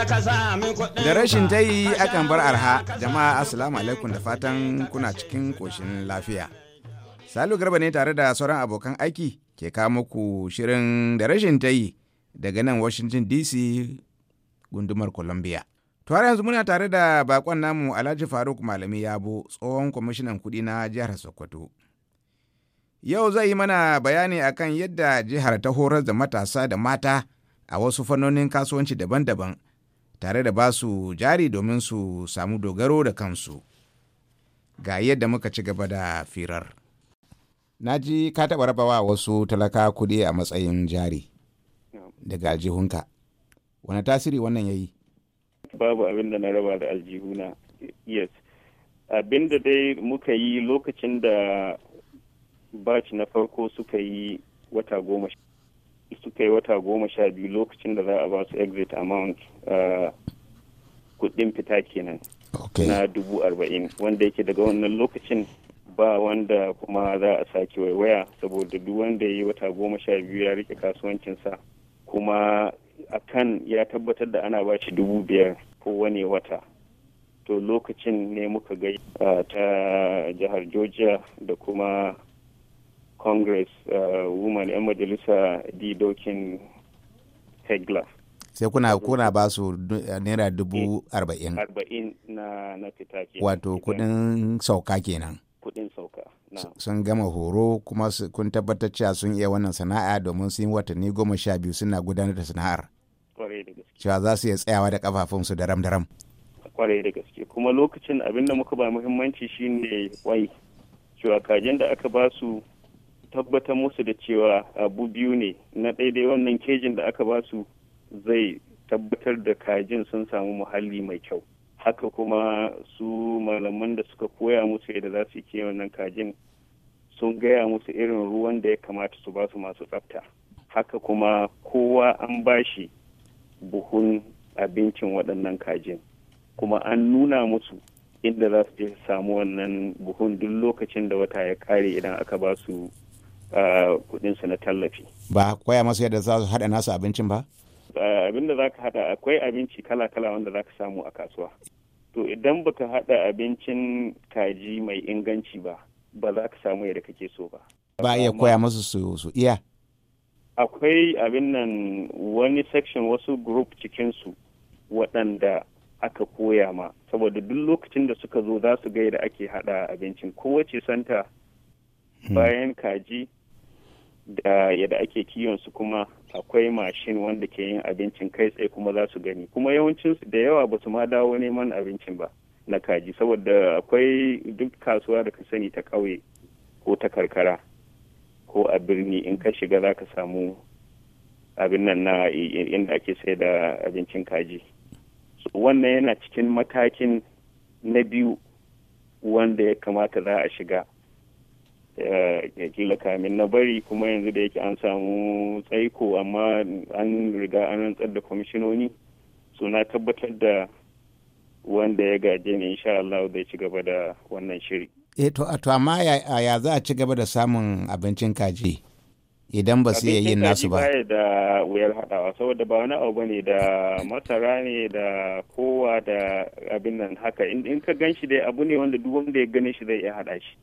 Da rashin ta akan bar arha, jama'a Assalamu alaikum da fatan kuna cikin koshin lafiya. Salu Garba ne tare da sauran abokan aiki ke kawo muku shirin da rashin ta daga nan Washington DC gundumar Columbia. Tuwar yanzu muna tare da bakon namu Alhaji Faruk Malami Yabo tsohon kwamishinan kudi na jihar Sokoto. Yau zai yi mana bayani akan yadda jihar ta horar da matasa da mata a wasu fannonin kasuwanci daban-daban tare da ba su jari domin su samu dogaro da kansu ga yadda muka ci gaba da firar na ji ka taɓa rabawa wasu talaka kuɗi a matsayin jari daga aljihunka wani tasiri wannan ya yi babu abin da na raba da aljihuna yes abin da dai muka yi lokacin da batch na farko suka yi wata goma suka yi wata goma sha biyu lokacin da za a ba su exit amount uh, kudin fita kenan na dubu arba'in wanda yake daga wannan lokacin ba wanda kuma za a sake waiwaya saboda duk wanda ya yi wata goma sha biyu ya rike kasuwancinsa kuma akan ya tabbatar da ana ba shi dubu biyar ko wani wata to lokacin ne muka gai uh, ta jihar georgia da kuma congress uh, woman yan majalisa d dokin hegla sai kuna kuna ba su naira dubu eh, arba'in arba'in na na fita ke wato kudin sauka kenan kudin sauka sun gama horo kuma kun tabbatar cewa sun iya wannan sana'a domin sun yi watanni goma sha biyu suna gudanar da sana'ar cewa za su iya tsayawa da kafafunsu daram daram kwarai da gaske kuma lokacin abin da muka ba muhimmanci shine wai cewa kajin da aka ba su tabbatar musu da cewa abu biyu ne na daidai wannan kejin da aka ba su zai tabbatar da kajin sun samu muhalli mai kyau haka kuma su malaman da suka koya musu yadda za su yi wannan kajin sun gaya musu irin ruwan da ya kamata su basu masu tsafta haka kuma kowa an bashi buhun abincin waɗannan kajin kuma an nuna musu inda za su je samu wannan buhun duk lokacin da wata ya kare idan aka ba su Uh, kudinsu na tallafi ba koya masu yadda za su haɗa nasu abincin ba uh, abin da za ka haɗa akwai abinci kala-kala wanda za ka samu a kasuwa to idan baka haɗa abincin kaji mai inganci ba ba za ka samu yadda kake so ba ba iya koya masu su iya akwai abin nan wani section wasu group cikinsu waɗanda aka koya ma saboda duk lokacin da suka zo za su ga yadda ake haɗa abincin kowace santa hmm. bayan kaji da yadda ake kiwon su kuma akwai mashin wanda ke yin abincin kai tsaye kuma za su gani kuma yawancin su da yawa ba su ma dawo neman abincin ba na kaji saboda akwai duk kasuwa da ka sani ta ƙauye ko ta karkara ko a birni in ka shiga za ka samu abin nan na inda ake sai da abincin kaji wannan yana cikin matakin na biyu wanda ya kamata za a shiga Eh, eh, kila kamin na bari kuma yanzu da yake an samu tsaiko amma an riga an rantsar da kwamishinoni suna tabbatar da wanda ya gaje ne insha Allah zai ci gaba da wannan shiri. E to to amma ya za a ci gaba da samun abincin kaji idan ba su yi nasu ba. Abincin kaji da wuyar haɗawa saboda ba wani abu ne da masara ne da kowa da abin nan haka in ka gan shi dai abu ne wanda duk wanda ya gane shi zai iya haɗa shi.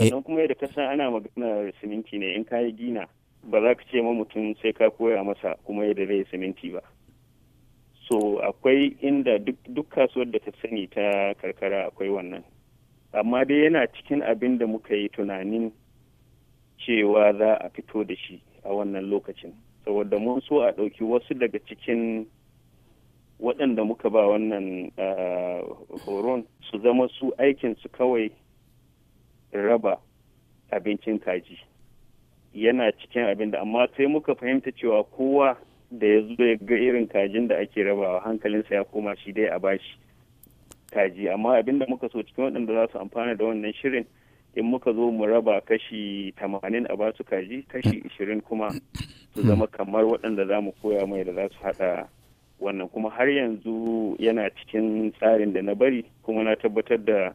Eh. sannan kuma yadda kasa ana magana siminti ne in kayi gina ba za ka ce ma mutum sai ka koya masa kuma yadda zai siminti ba so akwai inda duk kasuwar da ta sani ta karkara akwai wannan amma dai yana cikin abin da muka yi tunanin cewa za a fito da shi a wannan lokacin saboda mun so a ɗauki wasu daga cikin waɗanda muka ba wannan ah, horon su zama su aikinsu kawai raba abincin kaji yana cikin abin da amma sai muka fahimta cewa kowa da ya zo ya ga irin kajin da ake rabawa hankalinsa ya koma shi dai a bashi kaji amma abin da muka so cikin waɗanda za su amfana da wannan shirin in muka zo mu raba kashi tamanin a basu kaji kashi ishirin kuma su zama kamar waɗanda za mu koya mai da za su haɗa wannan kuma har yanzu yana cikin tsarin da na bari kuma na tabbatar da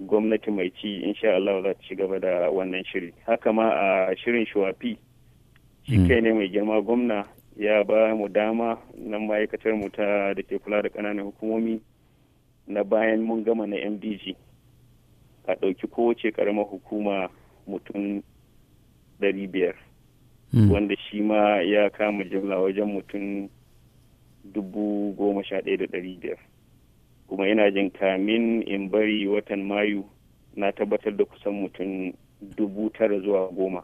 gwamnati mai ci insha Allah za ta ci gaba da wannan shiri haka ma a shirin shuwafi shi hmm. kai ne mai girma gwamna ya ba mu dama na ma'aikatar mu ta da ke kula da ƙananan hukumomi na bayan mun gama na mdg a ɗauki kowace karamar hukuma mutum biyar. Hmm. wanda shi ma ya kama jimla wajen mutum goma sha ɗaya da biyar. kuma yana jin kamin in bari watan mayu na tabbatar da kusan mutum dubu tara zuwa goma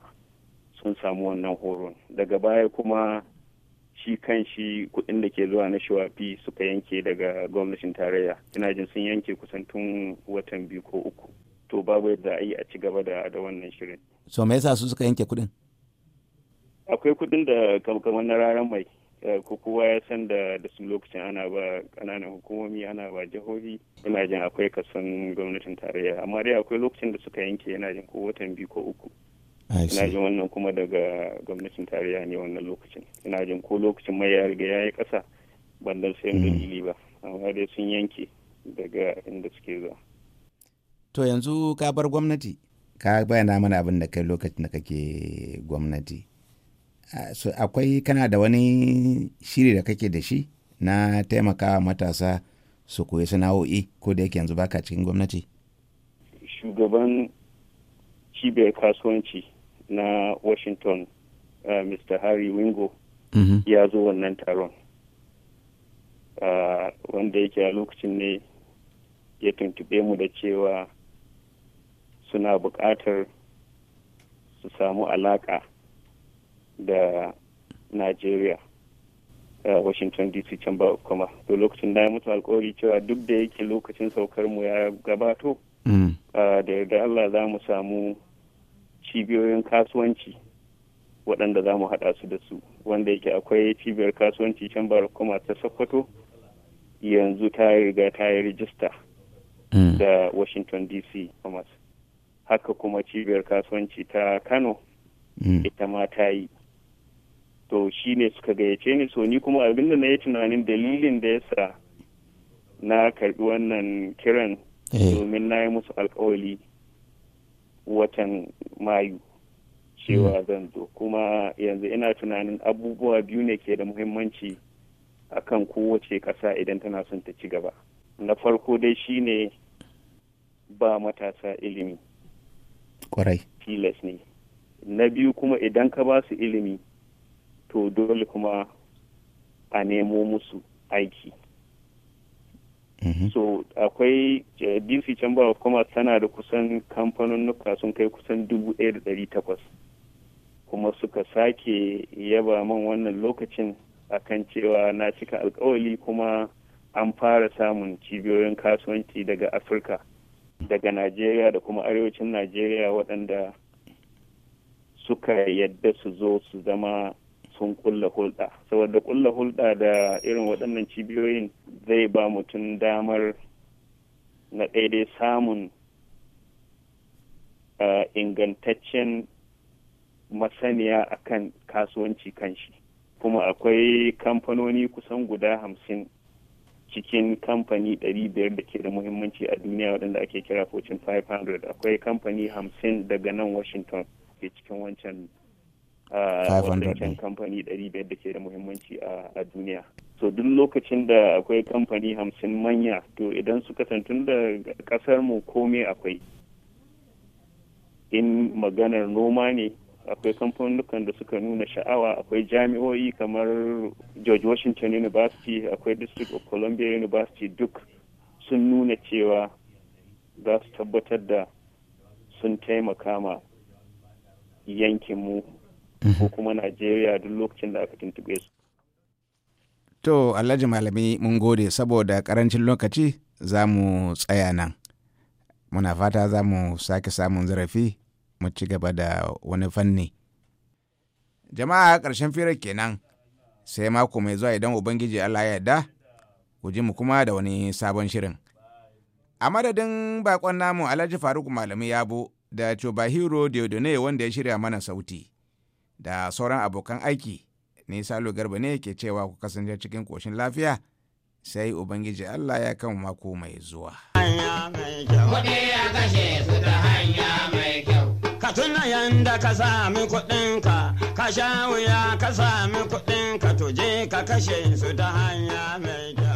sun samu wannan horon daga baya kuma shi kan shi kuɗin da ke zuwa na shawafi suka yanke daga gwamnatin tarayya ina jin sun yanke kusan tun watan biyu ko uku to babu yadda a yi a ci gaba da wannan shirin so me yasa su suka yanke kuɗin akwai kuɗin da kamar na raran mai Eh, ko kowa ya san da da su lokacin ana ba kananan hukumomi ana ba jihohi ina jin akwai kasan gwamnatin tarayya amma dai akwai lokacin da suka yanke yana jin ko watan biyu ko uku ina jin wannan kuma daga gwamnatin tarayya ne wannan lokacin ina jin ko lokacin mai ya riga ya yi kasa ban dan sayan mm. dalili ba amma dai sun yanke daga inda suke zuwa to yanzu ka bar gwamnati ka bayyana mana abin da kai lokacin da kake gwamnati Ah, akwai kana da wani shiri da kake da shi na taimakawa matasa su koyi sana'o'i ko da yake yanzu baka cikin gwamnati shugaban cibiyar kasuwanci na washington uh, ah, mr harry wingo mm -hmm. ya zo wannan taron uh, wanda yake a lokacin ne ya tuntube mu da cewa suna buƙatar su samu alaƙa da Najeriya a uh, Washington DC can ba kuma to lokacin da ya mutu alkawari cewa duk da yake lokacin saukar mu ya gabato mm. uh, da yarda Allah za mu samu cibiyoyin kasuwanci waɗanda za mu haɗa su da su wanda yake akwai cibiyar kasuwanci can ba kuma ta Sokoto yanzu ta riga ta yi rijista mm. da Washington DC commerce haka kuma cibiyar kasuwanci ta Kano mm. ita ma ta yi to shi ne suka gayyace ni so ni kuma abinda na yi tunanin dalilin da ya sa na karbi wannan kiran eh. domin na yi musu alkawali watan mayu cewa hmm. zan zo kuma yanzu ina tunanin abubuwa biyu ne ke da muhimmanci kan kowace ƙasa idan tana son ta ci gaba na farko dai shi ne ba matasa ilimi kwarai tilas ne na biyu kuma idan ka ba su ilimi to dole kuma a nemo musu aiki mm-hmm. so akwai eh, dc chamber of commerce tana da kusan nuka sun kai kusan dubu ɗaya da ɗari takwas kuma suka sake yaba man wannan lokacin a kan cewa na cika alkawali kuma an fara samun cibiyoyin kasuwanci daga afirka daga najeriya da kuma arewacin najeriya waɗanda suka yadda su zo su zama sun kulla hulɗa saboda kulla hulɗa da irin waɗannan cibiyoyin zai ba mutum damar na daidai samun eh, ingantaccen masaniya a kan kasuwanci kanshi kuma akwai kamfanoni kusan guda hamsin cikin kamfani ɗari biyar da ke da muhimmanci a duniya waɗanda ake kira fortune 500 akwai kamfani hamsin daga nan washington ke cikin wancan wadancan kamfani 500 da ke da muhimmanci a duniya so duk lokacin da akwai kamfani hamsin manya to idan suka tantun da kasar mu komai akwai in maganar noma ne akwai kamfanonukan da suka nuna sha'awa akwai jami'o'i kamar george washington university akwai district of columbia university duk sun nuna cewa za su tabbatar da sun taimaka ma yankinmu ko mhm. kuma najeriya duk lokacin da aka tuntube su to alhaji malami mun gode saboda karancin lokaci za mu tsaya nan muna fata za mu sake samun zarafi mu ci gaba da wani fanni jama'a ƙarshen firar kenan sai mako mai zuwa idan ubangiji allah ya yarda ku ji mu kuma da wani sabon shirin a madadin bakon namu alhaji faruk malami yabo da chobahiro diodone wanda ya shirya mana sauti da sauran abokan aiki ne salo garba ne ke cewa ku kasance cikin koshin lafiya sai ubangiji allah ya kan mako mai zuwa ka tuna yanda ka sami kuɗinka ka sha wuya ka sami kuɗinka ka tuje ka kashe su ta hanya mai kyau